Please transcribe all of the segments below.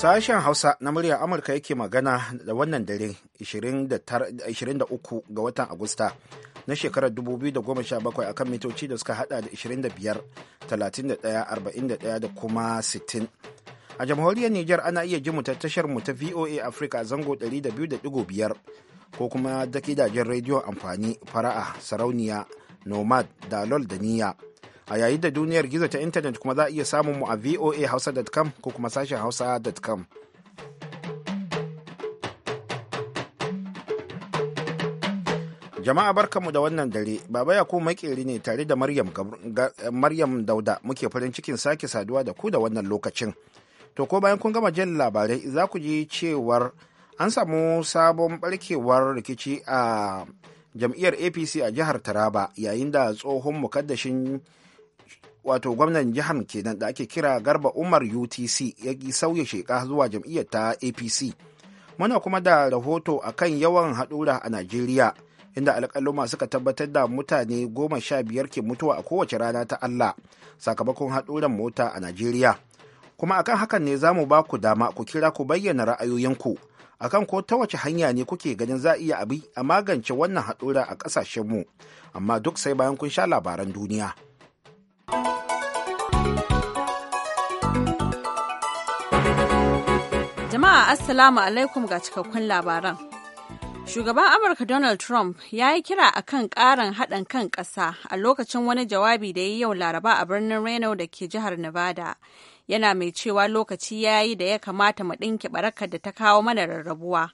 Sashen Hausa na murya Amurka yake magana da wannan dare 23 ga watan Agusta na shekarar 2017 akan mitoci da suka hada da 25, 31, 41 da kuma 60. A jamhuriyar Nijar ana iya ji ta tashar mu ta VOA Africa zango 200.5 ko kuma da gidajen rediyon amfani fara'a sarauniya nomad dalol da niyya a yayin da duniyar gizo ta intanet kuma za a iya samun mu a voa hausa.com ko kuma sashen hausa.com jama'a mu da wannan dare baba yakub makeri ne tare da maryam, maryam dauda muke farin cikin sake saduwa da ku da wannan lokacin to ko bayan kun gama jin labarai za ku ji cewar an samu sabon barkewar rikici a jam'iyyar apc a jihar taraba yayin da tsohon mukaddashin wato gwamnan jihar kenan da ake kira garba umar utc ya sauya sheka zuwa jam'iyyar ta apc muna kuma da rahoto a kan yawan haɗura a najeriya inda alƙaluma suka tabbatar da mutane goma sha biyar ke mutuwa a kowace rana ta allah sakamakon haɗuran mota a najeriya kuma akan hakan ne za mu ba ku dama ku kira ku bayyana ra'ayoyinku akan ko ta wace hanya ne kuke ganin za iya abi a magance wannan haɗura a ƙasashenmu amma duk sai bayan kun sha labaran duniya. thank Jama'a Assalamu alaikum ga cikakkun labaran. Shugaban Amurka Donald Trump ya yi kira a kan ƙarin haɗin kan ƙasa a lokacin wani jawabi da ya yi yau Laraba a birnin Reno da ke jihar Nevada. Yana mai cewa lokaci ya yi da ya kamata mu ɗinke barakar da ta kawo mana rarrabuwa.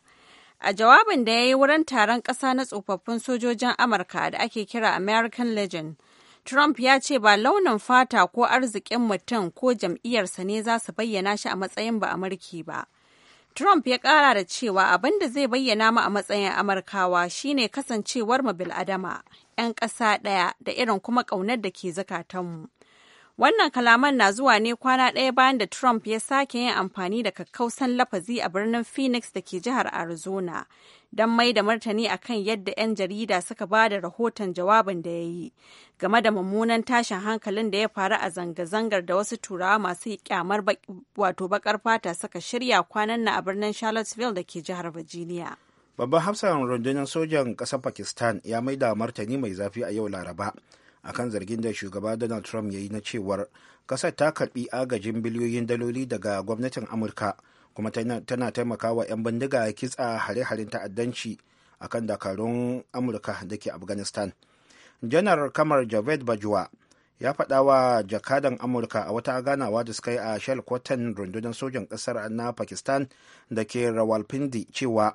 A jawabin da ya yi wurin taron ƙasa na tsofaffin sojojin Amurka da ake kira American Legion, Trump ya ce ba launin fata ko arzikin mutum ko jam'iyyarsa ne za su bayyana shi a matsayin ba Amurki ba. Trump ya ƙara da cewa abin da zai bayyana mu a matsayin Amurkawa shine kasancewar mu bil'adama, 'yan ƙasa ɗaya da irin kuma ƙaunar da ke zukatanmu. Wannan kalaman na zuwa ne kwana ɗaya bayan da Trump ya sake yin amfani da kakkausan lafazi a birnin Phoenix da ke jihar Arizona don mai da martani a kan yadda 'yan jarida suka ba da rahoton jawabin da ya yi game da mummunan tashin hankalin da ya faru a zanga-zangar da wasu turawa masu kyamar wato bakar fata suka shirya kwanan na a birnin Charlottesville da ke jihar Virginia. Babban hafsan rundunar sojan ƙasar Pakistan ya mai da martani mai zafi a yau Laraba. a kan zargin da shugaba donald trump ya yi na cewar kasar ta karbi agajin biliyoyin daloli daga gwamnatin amurka kuma tana taimakawa 'yan bindiga kitsa hare-haren ta'addanci a kan dakarun amurka da ke afghanistan janar kamar javed bajwa ya faɗa wa jakadan amurka a wata ganawa da suka yi a kwatan rundunar sojan ƙasar na pakistan da ke rawalpindi cewa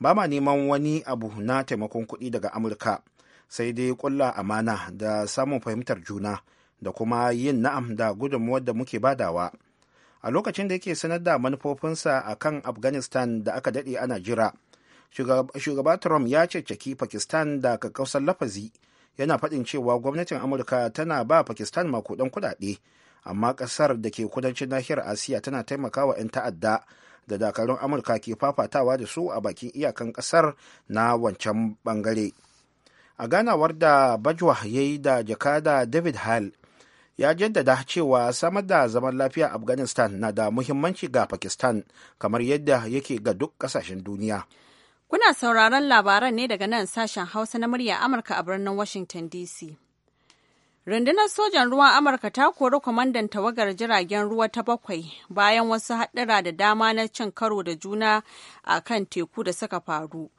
ba ma neman wani abu na taimakon kuɗi daga amurka sai dai kulla amana da samun fahimtar juna da kuma yin na'am da gudunmuwar da muke badawa a lokacin da yake sanar da manufofinsa a kan afghanistan da aka daɗe ana jira shugaba trump ya ceceki pakistan da kakkausar lafazi yana faɗin cewa gwamnatin amurka tana ba pakistan makudan kuɗaɗe amma ƙasar da ke kudancin nahiyar asiya tana taimakawa 'yan ta'adda da dakarun amurka ke fafatawa da su a bakin iyakan ƙasar na wancan bangare. a ganawar da bajwa ya yi da jakada david hall ya jaddada cewa samar da zaman lafiya afghanistan na da muhimmanci ga pakistan kamar yadda yake ga duk kasashen duniya kuna sauraron labaran ne daga nan sashen hausa na murya amurka a birnin washington dc rundunar sojan ruwan amurka ta kori kwamandan tawagar jiragen ruwa ta bakwai bayan wasu haɗura da dama na cin karo da juna a kan teku da suka faru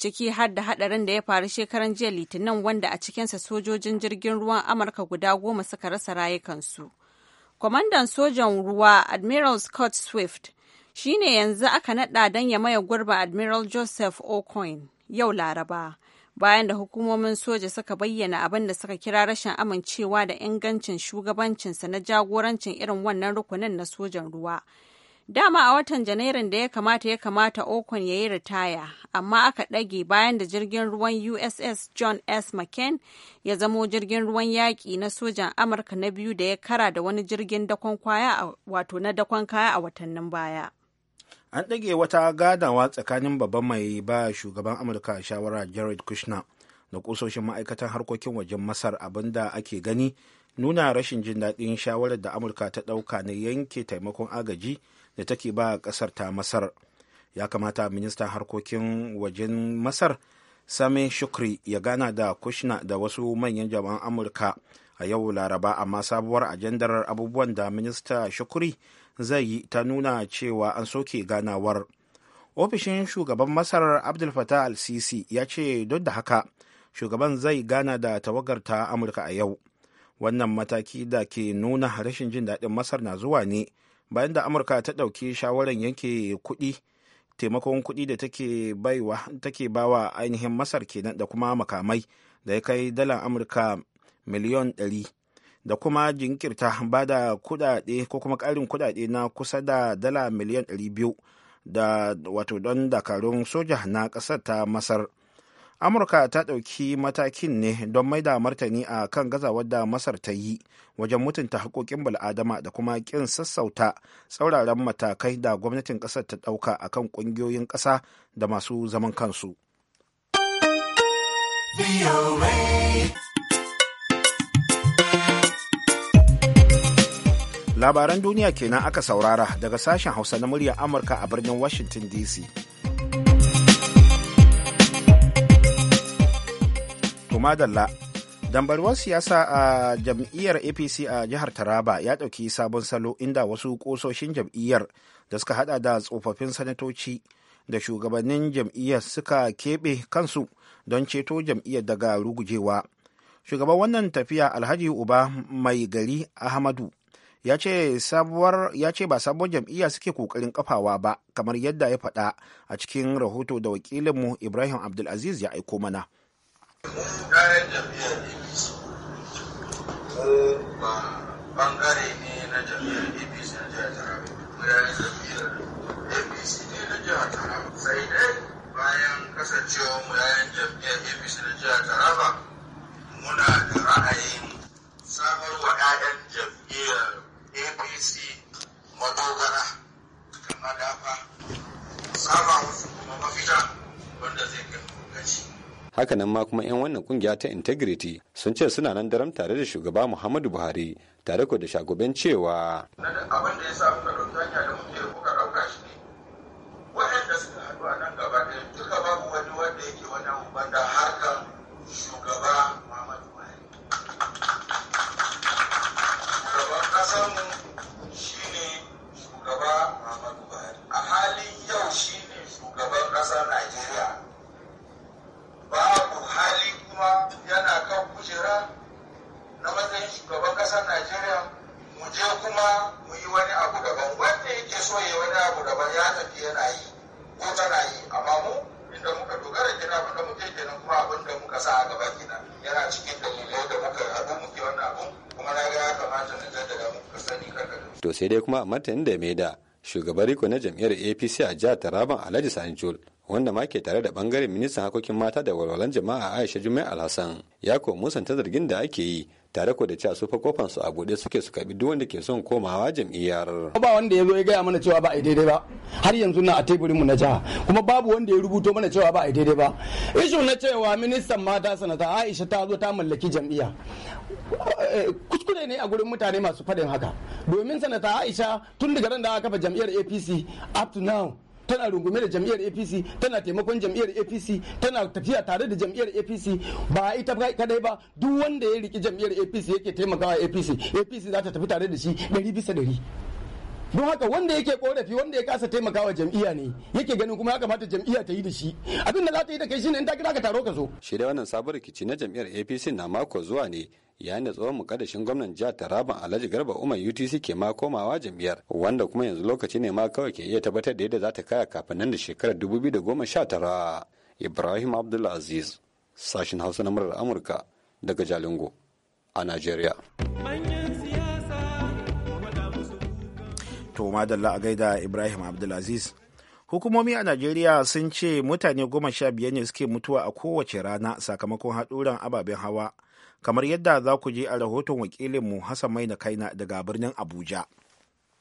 ciki har da hadarin da ya faru shekaran jiya litinin wanda a cikinsa sojojin jirgin ruwan amurka guda goma suka rasa rayukansu kwamandan sojan ruwa admiral scott swift shi ne yanzu aka nada don ya maye gurba admiral joseph o'coin yau laraba bayan da hukumomin soja suka bayyana abin da suka kira rashin amincewa da ingancin shugabancinsa na jagorancin irin wannan rukunin na sojan ruwa Dama a watan Janairun da ya kamata ya kamata Okon ya yi ritaya, amma aka ɗage bayan da jirgin ruwan USS John S. McCain ya zamo jirgin ruwan yaƙi na sojan Amurka na biyu da ya kara da wani jirgin dakon kwaya wato na dakon kaya a watannin baya. An ɗage wata gadawa tsakanin babban mai ba shugaban Amurka shawara Jared Kushner da kusoshin ma'aikatan harkokin wajen Masar abinda ake gani nuna rashin jin daɗin shawarar da Amurka ta ɗauka na yanke taimakon agaji da take ba kasar ta masar ya kamata ministan harkokin wajen masar sami shukri ya gana da kushna da wasu manyan jama'an amurka a yau laraba amma sabuwar ajandar abubuwan da minista shukri zai yi ta nuna cewa an soke ganawar ofishin shugaban masar abdul fatah al-sisi ya ce duk da haka shugaban zai gana da tawagar ta amurka a yau wannan mataki da ke nuna rashin jin daɗin masar na zuwa ne bayan da amurka ta ɗauki shawarar yanke kuɗi taimakon kuɗi da take baiwa bawa ainihin masar kenan da kuma makamai da ya kai dalar amurka miliyon 100 da kuma jinkirta ba da kuɗaɗe ko kuma ƙarin kuɗaɗe na kusa da dala miliyan 200 da wato don dakarun soja na ƙasar ta masar amurka ta ɗauki matakin ne don mai da martani a kan gazawar da masar ta yi wajen mutunta haƙoƙin bal'adama da kuma ƙin sassauta tsauraran matakai da gwamnatin ƙasar ta ɗauka a kan ƙungiyoyin ƙasa da masu zaman kansu labaran duniya kenan aka saurara daga sashen hausa na muryar amurka a birnin washington dc madalla dambarwar siyasa a jam'iyyar apc a jihar taraba ya ɗauki sabon salo inda wasu ƙososhin jam'iyyar da suka hada da tsofaffin sanatoci da shugabannin jam'iyyar suka keɓe kansu don ceto jam'iyyar daga rugujewa shugaban wannan tafiya alhaji uba mai gari ahmadu ya ce ba sabon jam'iyya suke kokarin kafawa ba kamar yadda ya faɗa a cikin rahoto da wakilinmu ibrahim abdulaziz ya aiko mana Kayan jam'iyyar APC mu ba bangare ne na jam'iyyar APC na APC ne na Sai dai bayan kasancewa mu jam'iyyar APC na muna da ra'ayin samar wa 'ya'yan jam'iyyar APC madogara da madafa. Saba kuma mafita wanda zai kai lokaci. hakanan ma kuma 'yan wannan kungiya ta integrity sun ce suna nan daram tare da shugaba muhammadu buhari tare da shagoben cewa abin da ya sa muka ɗauki hanya da muke muka ɗauka shi ne waɗanda suka haɗu a nan gaba ɗaya duka babu wani wanda yake wani abu banda harkar shugaba muhammadu buhari shugaban ƙasarmu shi ne shugaba muhammadu buhari a halin yau shi ne shugaban ƙasar najeriya babu hali kuma yana kan kujera na matsayin shugaban ƙasar najeriya mu je kuma mu yi wani abu daban wanda yake so ya wani abu daban ya tafi yana yi ko tana yi amma mu inda muka dogara gina abin da muke kenan kuma abin da muka sa a gaba gina yana cikin dalilai da muka abu muke wannan abun kuma na ga ya kamata na jaddada muka sani kanka to sai dai kuma a martanin da maida shugaban riko na jam'iyyar apc a jihar taraban alhaji sanjul wanda ma ke tare da bangaren ministan harkokin mata da walwalan jama'a Aisha Jumai Alhassan ya ko musanta zargin da ake yi tare ko da cewa sufa kofan su a bude suke su karbi duk wanda ke son komawa jam'iyyar ba wanda ya zo ya gaya mana cewa ba a daidai ba har yanzu na a teburin mu na jiha kuma babu wanda ya rubuto mana cewa ba a daidai ba ishu na cewa ministan mata sanata Aisha ta zo ta mallaki jam'iyya eh, kuskure ne a gurin mutane masu fadin haka domin sanata Aisha tun daga ran da aka kafa jam'iyyar APC up to now tana rungume da jam'iyyar apc tana taimakon jam'iyyar apc tana tafiya tare da jam'iyyar apc ba ita kadai ba duk wanda ya riki jam'iyyar apc yake taimakawa apc apc za ta tafi tare da shi ɗari bisa ɗari don haka wanda yake korafi wanda ya kasa taimakawa jam'iyya ne yake ganin kuma ya kamata jam'iyya ta yi da shi abin da za ta yi da kai shine in ta kira ka taro ka zo shi wannan sabon rikici na jam'iyyar apc na mako zuwa ne yayin da tsohon mukaddashin gwamnan jihar Taraban Alhaji Garba Umar UTC ke ma komawa jam'iyyar wanda kuma yanzu lokaci ne ma kawai ke iya tabbatar da yadda za ta kaya kafin nan da shekarar 2019 Ibrahim Abdulaziz sashin Hausa na murar Amurka daga Jalingo a Najeriya. To madalla a gaida Ibrahim Abdulaziz hukumomi a najeriya sun ce mutane goma sha biyar ne suke mutuwa a kowace rana sakamakon haɗuran ababen hawa kamar yadda za ku je a rahoton wakilinmu Hassan Maina Kaina daga birnin Abuja.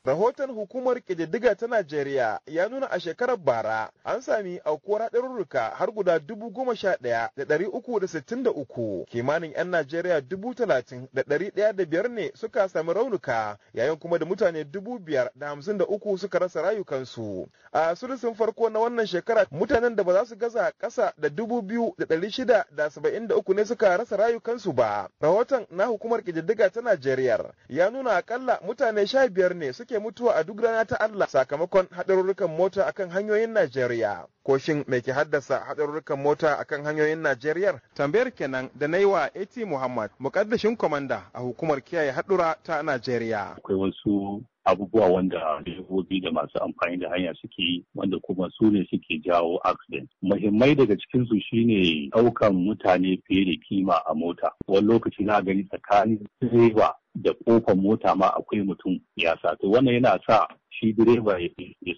Rahoton hukumar ƙididdiga ta Najeriya ya nuna a shekarar bara an sami aukuwar haɗarurruka har guda dubu goma sha ɗaya da ɗari uku da sittin da uku. Kimanin 'yan Najeriya dubu talatin da ɗari ɗaya da biyar ne suka sami raunuka yayin kuma da mutane dubu biyar da hamsin da uku suka rasa rayukansu. A sulusun farko na wannan shekara mutanen da ba za su gaza ƙasa da dubu biyu da ɗari shida da saba'in da uku ne suka rasa rayukansu ba. Rahoton na hukumar ƙididdiga ta Najeriya ya nuna aƙalla mutane sha biyar ne suka ake mutuwa a duk rana ta Allah sakamakon haɗarurrukan mota akan hanyoyin Najeriya. koshin shin me ke haddasa haɗarurrukan mota akan hanyoyin Najeriya? Tambayar kenan da na yi wa AT Muhammad, muƙaddashin kwamanda a hukumar kiyaye haɗura ta Najeriya. Akwai wasu abubuwa wanda direbobi da masu amfani da hanya suke yi wanda kuma su ne suke jawo accident muhimmai daga cikin su shine ɗaukan mutane fiye da kima a mota wani lokaci na gani tsakanin direba da kofar mota ma akwai mutum ya sa to wannan yana sa shi direba ya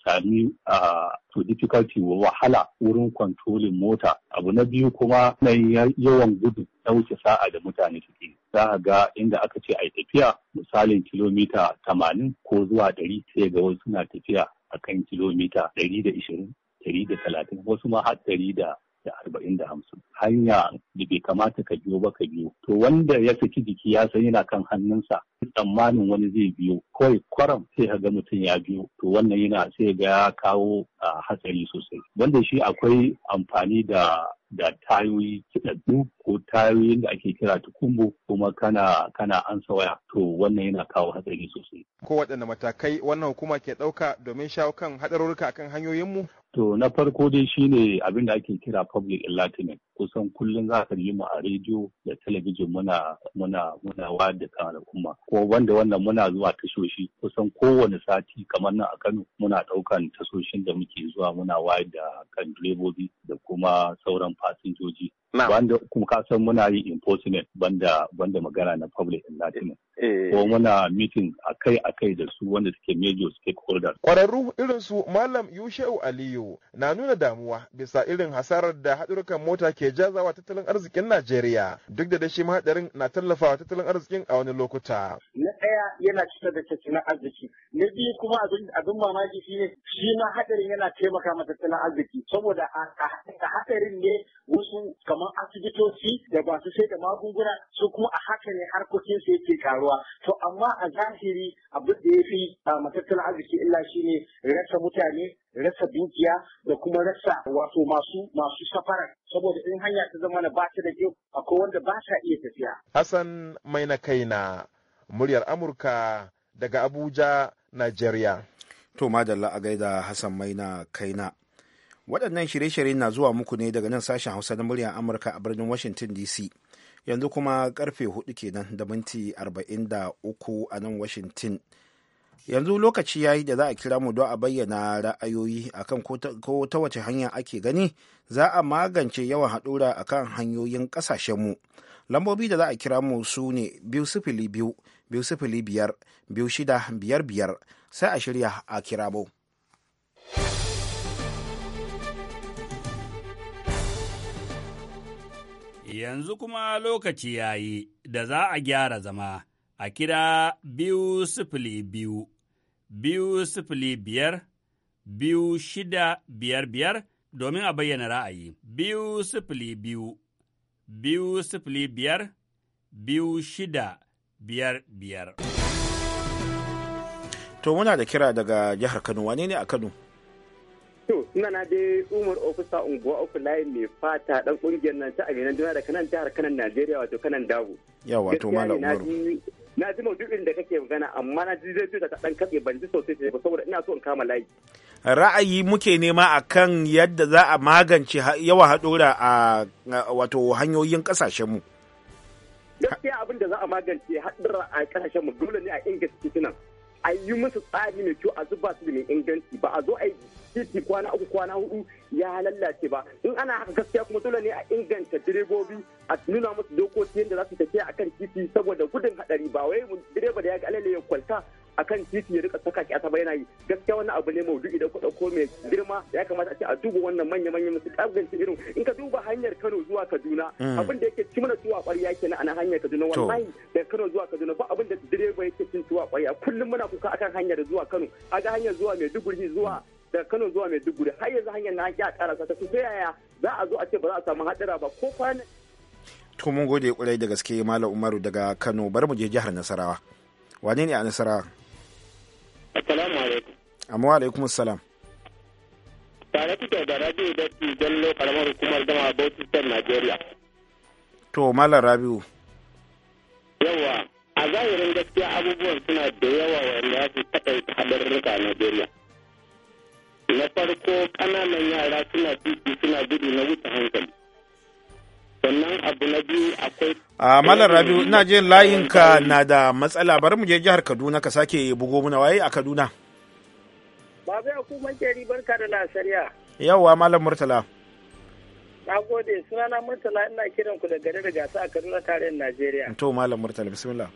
sami a to difficulty wahala wurin kwantolin mota abu na biyu kuma na yawan gudu na wuce sa'a da mutane suke za a ga inda aka ce a tafiya misalin kilomita tamanin ko zuwa ɗari sai ga wasu suna tafiya akan kilomita ɗari da ishirin ɗari da talatin wasu ma har ɗari da da arba'in da hamsin hanya da bai kamata ka biyo ba ka biyo to wanda ya saki jiki ya san yana kan hannunsa tsammanin wani zai biyo kawai kwaram sai ka ga mutum ya biyo to wannan yana sai ga ya kawo hatsari sosai wanda shi akwai amfani da da tayoyi kiɗaɗɗu ko tayoyin da ake kira tukumbo kuma kana kana ansa waya to wannan yana kawo hatsari sosai ko waɗanne matakai wannan hukuma ke ɗauka domin shawo kan hadarurruka akan hanyoyinmu To na farko dai shine abin da ake kira public enlightenment kusan kullum za ka yi mu a rediyo da talabijin muna muna muna wayar da kan al'umma ko wanda wannan muna zuwa tashoshi kusan kowane sati kamar nan a Kano muna ɗaukan tashoshin da muke zuwa muna wayar da kan direbobi da kuma sauran fasinjoji Banda kuma kasan muna yi enforcement banda banda magana na public enlightenment. Eh. Ko muna meeting akai-akai da su wanda suke major stakeholders. Kwararru irin su Malam Yusheu Aliyu na nuna damuwa bisa irin hasarar da haɗurukan mota ke jazawa tattalin arzikin Najeriya duk da dashi mahadarin na tallafawa tattalin arzikin a wani lokuta. Na ɗaya yana cutar da tattalin arziki. Na biyu kuma abin mamaki shi ne shi ma hadarin yana taimaka ma tattalin arziki saboda a hadarin ne wasu kamar kamar asibitoci da ba su sai da magunguna su kuma a haka ne harkokin su yake karuwa to amma a zahiri abin da ya fi ah, matattun arziki illa shi ne rasa mutane rasa dukiya da kuma rasa wato masu masu safara saboda in hanya ta zama ba ta da kyau akwai wanda ba sa iya tafiya Hassan mai na kaina muryar Amurka daga Abuja Nigeria to madalla a gaida Hassan mai na kaina waɗannan shirye-shirye na zuwa muku ne daga nan sashen hausa na muryar amurka a birnin washington dc yanzu kuma karfe 4 kenan da minti 43 a nan washington yanzu lokaci ya yi da za a kira mu don a bayyana ra'ayoyi a kan ko ta wace hanya ake gani za a magance yawan haɗura kan hanyoyin ƙasashen mu lambobi da za a kira mu su ne biyu sifili biyu biyu sifili biyar biyu shida biyar biyar sai a shirya a kira mu. Yanzu kuma lokaci ya yi da za a gyara zama a kira biyu sifili biyu, biyu sifili biyar, biyu shida biyar biyar domin a bayyana ra'ayi. Biyu sifili biyu, biyu sifili biyar, biyu shida biyar biyar. To muna da kira daga jihar Kano, wane ne a Kano? To, suna na dai Umar Ofisa Unguwa Uku Layin mai fata dan kungiyar nan ta Aminan duniya da kanan jihar kanan Najeriya wato kanan Dabo. Ya wato Malam Umar. Na ji maudu'in da kake magana amma na ji zai ta dan katse ban ji sosai ba saboda ina so in kama layi. Ra'ayi muke nema akan yadda za a magance yawan haɗura a wato hanyoyin ƙasashenmu. Gaskiya abin da za a magance haɗura a mu dole ne a inganta titunan. A yi musu tsari mai kyau a zuba su da mai inganci ba a zo a yi titi kwana uku kwana hudu ya lallace ba in ana haka gaskiya kuma dole ne a inganta direbobi a nuna musu dokoki yadda za su tafiya kan titi saboda gudun hadari ba wai direba da ya ga alale ya kwalta kan titi ya rika saka ki saba yana yi gaskiya wannan abu ne maudu'i da kuɗa ko mai girma ya kamata a ce a duba wannan manya manya musu kabganci irin in ka duba hanyar Kano zuwa Kaduna mm. abin da yake cimma tuwa yake na ana hanyar Kaduna wallahi daga Kano zuwa Kaduna ba abin da direba yake cin kwari a kullum muna kuka akan hanyar zuwa Kano a ga hanyar zuwa mai Maiduguri zuwa daga Kano zuwa Maiduguri har yanzu hanyar na ki a karasa ta kusa yaya za a zo a ce ba za a samu hadira ba ko kwanan. to mun gode kurai da gaske Malam Umaru daga Kano bari mu je jihar Nasarawa wane ne a Nasarawa Assalamu alaikum Amma alaikum assalam Tare kuke da Rabiu da Jallo karamar hukumar gama Bauchi State Nigeria To Malam Rabiu Yawa a zahirin gaskiya abubuwan suna da yawa wanda ya fi taɗaita haɗarurruka a Najeriya. na farko ƙananan yara suna titi suna gudu na wuce hankali sannan abu na biyu akwai a malar rabiu ina jin layinka na da matsala bari mu je jihar kaduna ka sake bugo muna waye a kaduna babu ya kuma ribar barka da lasariya yawwa malam murtala na gode sunana murtala ina kiran ku da gari da gasa a kaduna tarayyar najeriya to malam murtala bismillah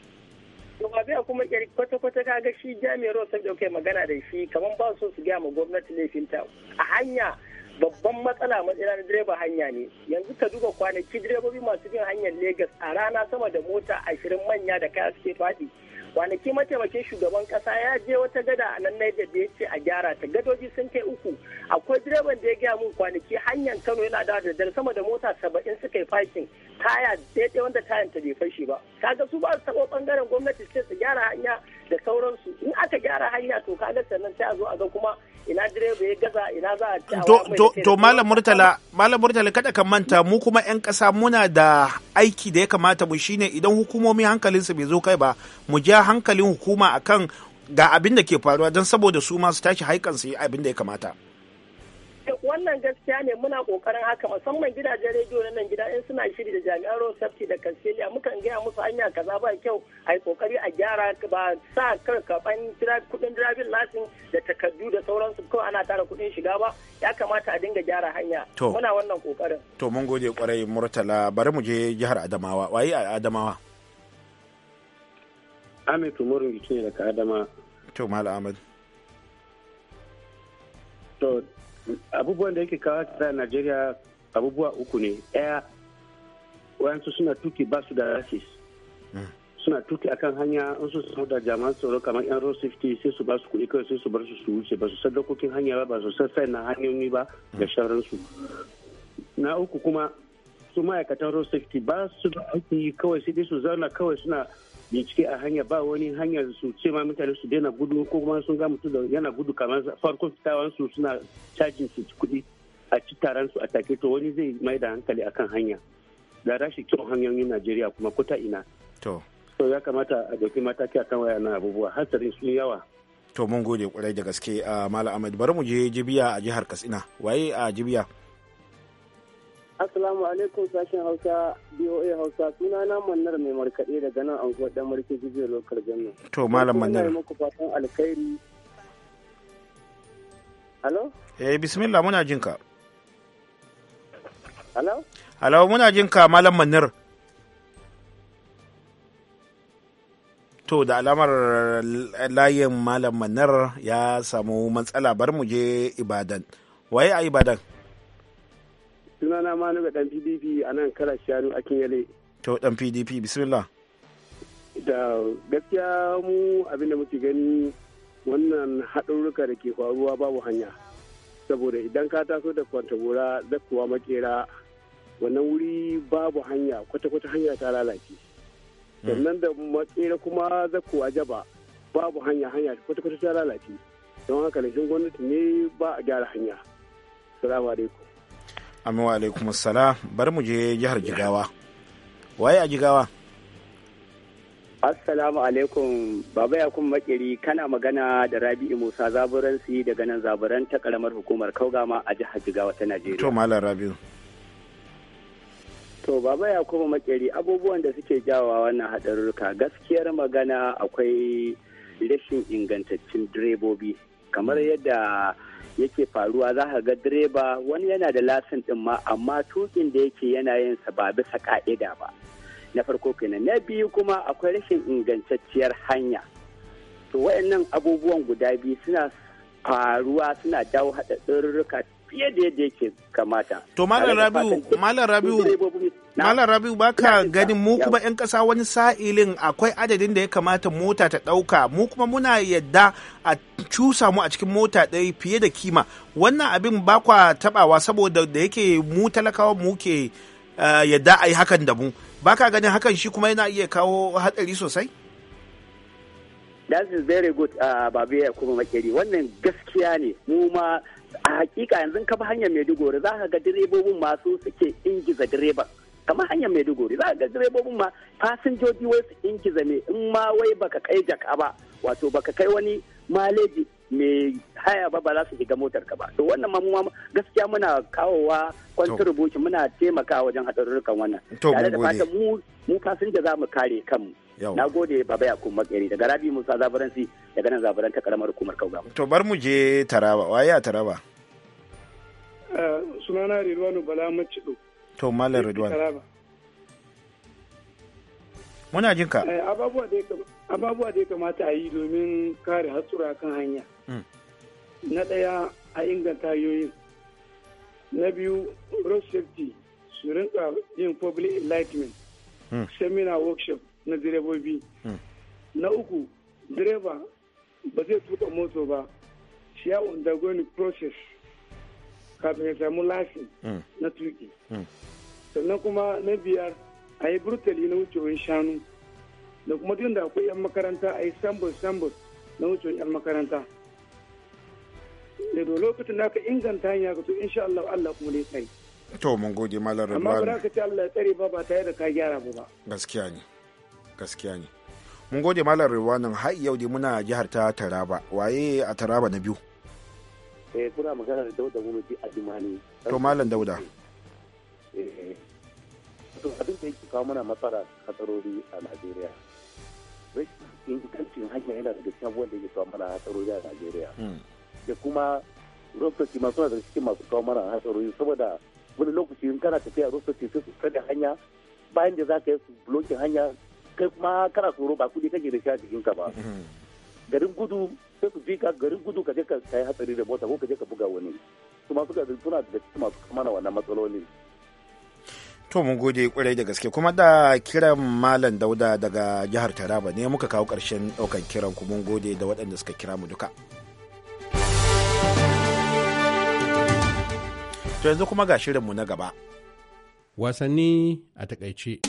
to ba zai kuma kyari kwata-kwata ga shi jami'ar ruwan sun dauke magana da shi kamar ba su su gaya ma gwamnati laifinta a hanya babban matsala matsala na direba hanya ne yanzu ka duba kwanaki direbobi masu bin hanyar Legas a rana sama da mota ashirin manya da kaya suke faɗi kwanaki mataimakin shugaban kasa ya je wata gada a nan Niger da ya ce a gyara ta gadoji sun kai uku akwai direban da ya gaya mun kwanaki hanyar Kano yana dawo da dare sama da mota saba'in suka yi fakin taya daidai wanda tayan ta bai fashe ba kaga su ba su taɓa bangaren gwamnati sai su gyara hanya da sauransu in aka gyara hanya to kaga sannan sai a zo a ga kuma ina direba ya gaza ina za a to malam murtala malam murtala kada ka manta mu kuma yan kasa muna da aiki da ya kamata mu shine idan hukumomi su bai zo kai ba mu ja hankalin hukuma akan ga abin da ke faruwa don saboda su ma su tashi haikan su yi abin da ya kamata. wannan gaskiya ne muna kokarin haka musamman gidajen rediyo na nan gida in suna shiri da jami'an ruwan safti da kansiliya mukan gaya musu hanya kaza ba kyau a yi kokari a gyara ba sa kar kaban kudin driving lasin da takardu da sauransu kawai ana tara kudin shiga ba ya kamata a dinga gyara hanya muna wannan kokarin to mun gode kwarai murtala bari mu je jihar adamawa waye a adamawa Ahmed Umaru ne daga Adama. To Ahmed. To abubuwan da yake kawo ta najeriya abubuwa uku ne ɗaya wayansu suna tuki ba su da rasis hmm. suna tuki akan hanya in su samu da jaman tsaro kamar yan road safety sai su ba su kuɗi kawai sai su bar su su wuce ba su san dokokin hanya ba ba su san sai na hanyoyi ba da hmm. sauransu na uku kuma su ma'aikatan road safety ba su da aiki kawai sai dai su zauna kawai suna bincike a hanya ba wani hanya su ce ma mutane su daina gudu ko kuma sun ga mutum yana gudu kamar farkon fitawan su suna cajin su kuɗi a ci taron su a take to wani zai mai da hankali akan hanya da rashin kyau hanyoyin Najeriya kuma ko ta ina to so ya kamata a dauki mataki akan waya na abubuwa hatsarin sun yawa to mun gode kwarai da gaske a ah, malam Ahmed bari mu je Jibiya a jihar Katsina waye a Jibiya Assalamu alaikum sashen Hausa BOA Hausa suna na Mannar mai markaɗe daga nan an kuwa ɗan marke jijiyar lokar jannu. To Malam Mannar. Ina muku fatan alkhairi. Halo? Eh bismillah muna jin ka. Halo? Halo muna jin ka Malam Mannar. To da alamar layin Malam Mannar ya samu matsala bar mu je Ibadan. Waye a Ibadan? sunana ma nuga dan pdp a nan kala shanu akin yale to dan pdp bismillah da gaskiya mu abinda muke gani wannan haɗurruka da ke faruwa babu hanya saboda idan ka taso da kwantagora zakuwa makera wannan wuri babu hanya kwata-kwata hanya ta lalace hmm. sannan da makera kuma zakuwa jaba babu hanya hanya kwata-kwata ta lalace don haka laifin gwamnati ne ba a gyara hanya salamu alaikum Amin alaikum salam bari mu je jihar Jigawa. Waye a Jigawa? Assalamu alaikum Baba Yakun Makiri kana magana da Rabi'u Musa Zaburansi daga nan Zaburan ta karamar hukumar Kaugama a jihar Jigawa ta Najeriya. To Malam Rabi'u. To Baba kuma Makiri abubuwan da suke jawowa wannan hadarurruka gaskiyar magana akwai rashin ingantaccen direbobi kamar hmm. yadda yake faruwa za ka ga direba wani yana da lasin din ma amma tukin da yake yana yin sa ba bisa ka'ida ba na farko kenan na biyu kuma akwai rashin ingantacciyar hanya to wayannan abubuwan guda biyu suna faruwa suna dawo haɗa tsirrika fiye da yadda yake kamata to malam rabiu malam rabiu Malam Rabiu baka ganin mu kuma 'yan ƙasa wani sa'ilin akwai adadin da ya kamata mota ta ɗauka mu kuma muna yadda a cusa mu a cikin mota ɗaya fiye da kima wannan abin ba kwa taɓawa saboda da yake mu talakawa mu ke eh, yadda a yi hakan da mu ba ka ganin hakan shi kuma yana iya kawo hatsari sosai? That is very uh, kuma makeri wannan gaskiya ne mu ma a hakika yanzu ka hanyar Maiduguri za ka ga direbobin masu suke ingiza direban. kamar hanyar maiduguri za ga direbobin ma fasinjoji wai su inkiza zame in ma wai baka kai jaka ba wato baka kai wani maleji mai haya ba ba za su shiga motar ka ba to wannan ma gaskiya muna kawowa buki, muna taimakawa wajen hadarurrukan wannan tare da fatan mu mu fasinja za mu kare kanmu na gode baba yakun makeri daga rabi musa zabaransi daga nan zabaran ta karamar hukumar kauga to bar mu je taraba waye a taraba eh, sunana rilwanu bala macido to malam ridwan muna jin eh, ka ababuwa da ya kamata a yi domin kare hatsura kan hanya mm. na ɗaya a inganta yoyin na biyu road safety su rinka yin public enlightenment mm. seminar workshop na direbobi mm. na uku direba ba zai tuka moto ba shi ya goni process kafin ya samu lasin mm. na tuki mm. sannan kuma na biyar a yi burtali na wucewar shanu da kuma duk da akwai 'yan makaranta a yi sambul-sambul na wucewar 'yan makaranta da lokacin da aka inganta hanya ka to insha Allah Allah kuma ne tsari to mun gode malar Rabban amma ba ka ce Allah ya tsare ba ba tare da ka gyara ba gaskiya ne gaskiya ne mun gode malam Rabban har yau dai muna jihar ta Taraba waye a Taraba na biyu eh kuna magana da Dauda Gumiti a Jimani to malam Dauda eh to abin da yake kawo mana matsala hatsarori a Najeriya rashin ingancin hanya yana da cikin abubuwan da yake kawo mana hatsarori a Najeriya hmm. da kuma rokoki masu da cikin masu kawo mana hatsarori saboda wani lokaci in kana tafiya rokoki sai su kada hanya bayan da za ka yi su blokin hanya kai kuma kana tsoro ba kudi kake da shi a jikinka ba hmm. garin gudu sai su fika garin gudu ka je ka kai hatsari da mota ko ka je ka buga wani su masu suka suna da cikin masu kamana wannan matsaloli to mun gode kwarai da gaske kuma da kiran malam dauda daga jihar taraba ne muka kawo karshen daukan kiran ku mun gode da waɗanda suka kira mu duka to yanzu kuma ga shirinmu na gaba wasanni a takaice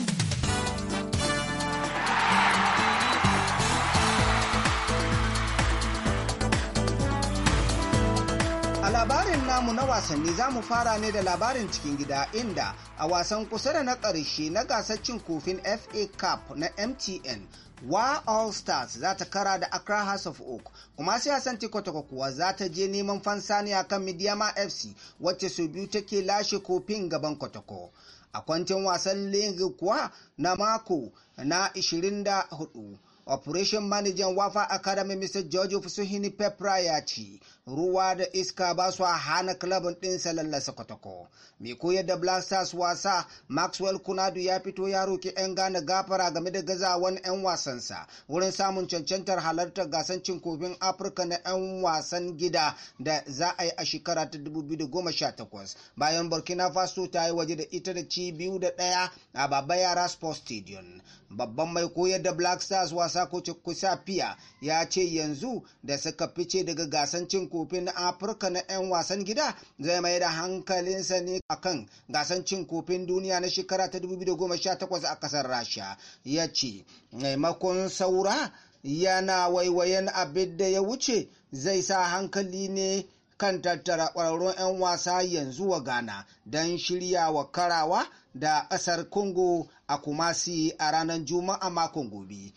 namu na wasanni za mu fara ne da labarin cikin gida inda a wasan kusa da na ƙarshe na gasar cin kofin FA Cup na MTN wa all stars za ta kara da accra house of oak kuma sai a santi kuwa za ta je neman fansani a kan midiyama fc wacce su biyu take lashe kofin gaban kotoko a kwantin wasan lega kuwa na mako na 24 operation manager wafa academy mr george fusuhini pepra ya ce ruwa da iska ba su a hana klabin ɗin lallasa kwatako. Mai koyar da Black Stars wasa Maxwell Kunadu ya fito ya roki 'yan gane gafara game da gazawan 'yan wasansa wurin samun cancantar halartar gasan cin kofin Afirka na 'yan wasan gida da za a yi a shekara ta 2018 bayan Burkina Faso ta yi waje da ita da ci biyu da ɗaya a Baba Yara Sports Stadium. Babban mai koyar da Black Stars wasa Koce Kusafiya ya ce yanzu da suka fice daga gasan cin kofin afirka na 'yan wasan gida zai mai da hankalinsa ne a kan gasan cin kofin duniya na shekara ta 2018 a kasar rasha ya ce maimakon saura yana waiwayen abin da ya wuce zai sa hankali ne kan tattara ƙwararrun 'yan wasa yanzu wa Ghana don shirya wa karawa da ƙasar Congo a Kumasi a ranar Juma'a makon gobe.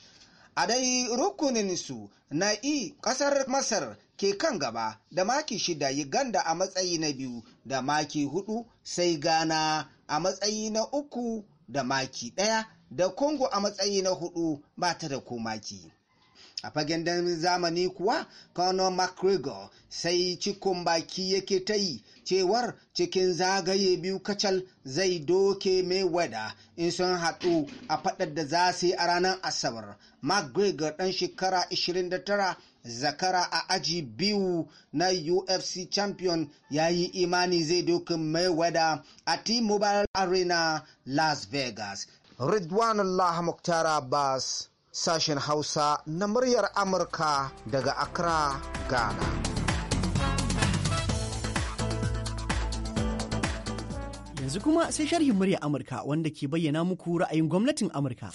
A dai rukunin su na I ƙasar Masar ke kan gaba da maki shida Uganda a matsayi na biyu da maki hudu sai Ghana a matsayi na uku da maki daya da Congo a matsayi na hudu ba ta da ko maki. A fagen zamani kuwa, Conor McGregor sai cikon baki yake ta yi cewar cikin zagaye biyu kacal zai doke mai wada in sun haɗu a faɗar da za su yi a ranar Asabar. McGregor ɗan shekara 29 zakara a aji biyu na ufc champion ya yi imani zai dokin mayweather a t-mobile arena las vegas allah muktar abbas sashen hausa na muryar amurka daga accra ghana yanzu kuma sai sharhin murya amurka wanda ke bayyana muku ra'ayin gwamnatin amurka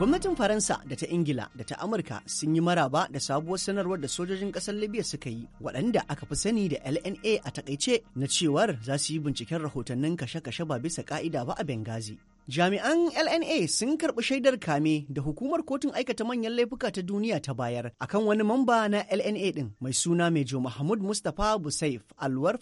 Gwamnatin Faransa da ta Ingila da ta Amurka sun yi maraba da sabuwar sanarwar da sojojin ƙasar Libya suka yi waɗanda aka fi sani da LNA a takaice na cewar za su yi binciken rahotannin kashe-kashe ba bisa ƙa'ida ba a Benghazi. Jami'an LNA sun karɓi shaidar kame da hukumar kotun aikata manyan laifuka ta duniya ta bayar akan wani mamba na LNA ɗin mai suna Mejo Mahmud Mustapha Busaif Alwar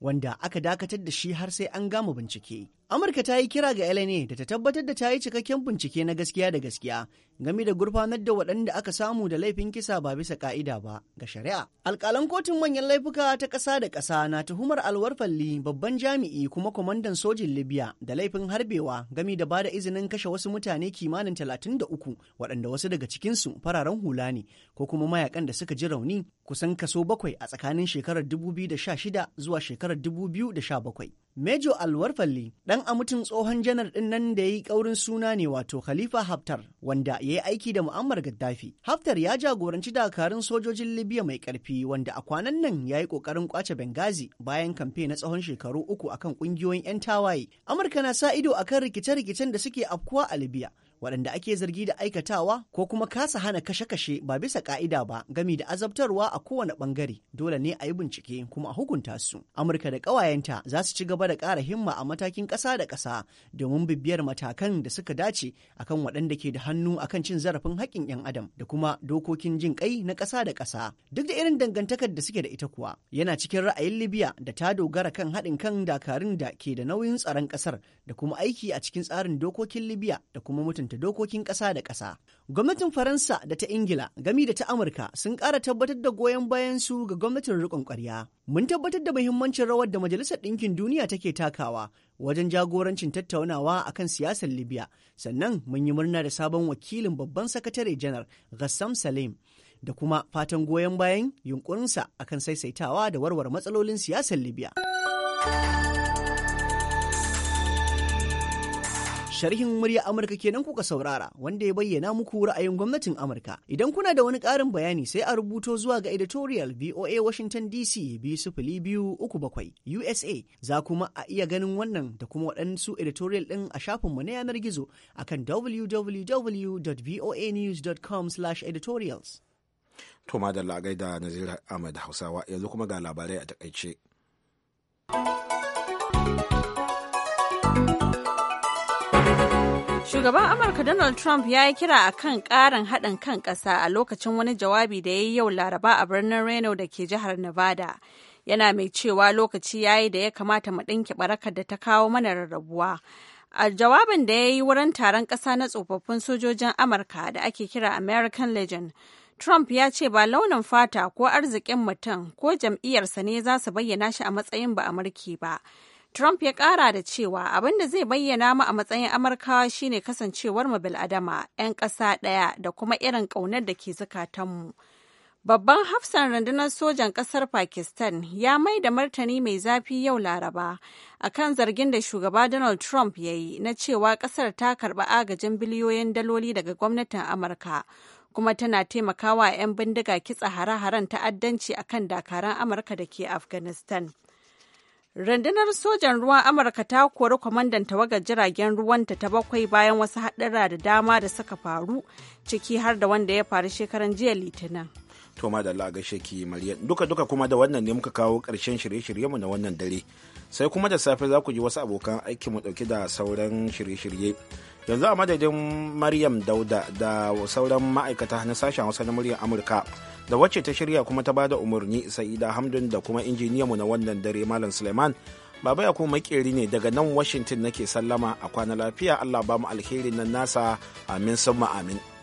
wanda aka dakatar da shi har sai an gama bincike. Amurka ta yi kira ga LNA da ta tabbatar da ta yi cikakken bincike na gaskiya da gaskiya game da gurfanar da waɗanda aka samu da laifin kisa ba bisa ka'ida ba ga shari'a. Alƙalan kotun manyan laifuka ta ƙasa da ƙasa na tuhumar alwarfalli babban jami'i kuma kwamandan sojin Libya da laifin harbewa game da bada izinin kashe wasu mutane kimanin talatin da uku waɗanda wasu daga cikinsu fararen hula ne ko kuma mayakan da suka ji rauni kusan kaso bakwai a tsakanin shekarar 2016 zuwa shekarar 2017. Mejo Alwarfalli ɗan amutin tsohon janar ɗin nan da ya yi ƙaurin suna ne wato Khalifa Haftar wanda ya yi aiki da Muammar Gaddafi. Haftar ya jagoranci dakarun sojojin Libya mai ƙarfi wanda a kwanan nan ya yi ƙoƙarin ƙwace Benghazi bayan kamfe na tsawon shekaru uku akan ƙungiyoyin 'yan tawaye. Amurka na sa ido akan rikice-rikicen da suke afkuwa a Libya. waɗanda ake zargi da aikatawa ko kuma kasa hana kashe-kashe ba bisa ka'ida ba gami da azabtarwa a kowane ɓangare dole ne a yi bincike kuma a hukunta su. Amurka da ƙawayenta za su ci gaba da ƙara himma a matakin ƙasa da ƙasa domin bibiyar matakan da suka dace akan waɗanda ke da hannu akan cin zarafin haƙƙin 'yan adam da kuma dokokin jin ƙai na ƙasa da ƙasa. Duk da irin dangantakar da suke da ita kuwa yana cikin ra'ayin Libya da ta dogara kan haɗin kan dakarun da ke da nauyin tsaron ƙasar da kuma aiki a cikin tsarin dokokin Libya da kuma mutum sabunta dokokin ƙasa da ƙasa. Gwamnatin Faransa da ta Ingila gami da ta Amurka sun ƙara tabbatar da goyon bayan su ga gwamnatin riƙon ƙwarya. Mun tabbatar da muhimmancin rawar da Majalisar Ɗinkin Duniya take takawa wajen jagorancin tattaunawa akan siyasar Libya. Sannan mun yi murna da sabon wakilin babban sakatare janar Ghassam Salim. da kuma fatan goyon bayan yunkurinsa akan saisaitawa da warware matsalolin siyasar Libya. Sharhin murya Amurka kenan kuka saurara wanda ya bayyana muku ra'ayin gwamnatin Amurka. Idan kuna da wani ƙarin bayani sai a rubuto zuwa ga editorial VOA Washington DC bakwai USA za kuma a iya ganin wannan da kuma waɗansu editorial ɗin a shafinmu na yanar gizo akan www.voanews.com/editorials. To madalla gaida Nazira Ahmed Hausawa yanzu kuma ga labarai a takaice. Shugaban Amurka Donald Trump ya yi kira a kan ƙarin haɗin kan ƙasa a lokacin wani jawabi da ya yi yau Laraba a birnin Reno da ke jihar Nevada. Yana mai cewa lokaci ya yi da ya kamata mu ɗinke barakar da ta kawo mana rarrabuwa. A jawabin da ya yi wurin taron ƙasa na tsofaffin sojojin Amurka da ake kira American Legion, Trump ya ce ba launin fata ko arzikin mutum ko jam'iyyarsa ne za su bayyana shi a matsayin ba Amurki ba. Trump ya kara da cewa abin da zai bayyana mu a matsayin Amurkawa shine kasancewar mu bil'adama 'yan ƙasa ɗaya da kuma irin ƙaunar da ke zukatanmu. Babban hafsan rundunar sojan ƙasar Pakistan ya mai da martani mai zafi yau Laraba akan zargin da shugaba Donald Trump ya yi na cewa ƙasar ta karɓi agajin biliyoyin daloli daga gwamnatin Amurka. kuma tana taimakawa 'yan bindiga kitsa hare-haren ta'addanci akan dakaran Amurka da ke Afghanistan. Rundunar sojan ruwan Amurka ta kori kwamandan tawagar jiragen ruwanta ta bakwai bayan wasu haɗura da dama da suka faru ciki har da wanda ya faru shekaran jiya Litinin. To da Allah gaishe ki Maryam. Duka duka kuma da wannan ne muka kawo ƙarshen shirye-shiryenmu na wannan dare. Sai kuma da safe za ku ji wasu abokan aikin mu ɗauke da sauran shirye-shirye. yanzu a madadin maryam dauda da sauran ma'aikata na sashen hausa na muryar amurka da wacce ta shirya kuma ta bada umarni sa'ida hamdun da kuma mu na wannan dare malam suleiman baba ya kuma makeri ne daga nan washington nake sallama a kwana lafiya allah ba mu alherin nan nasa amin summa amin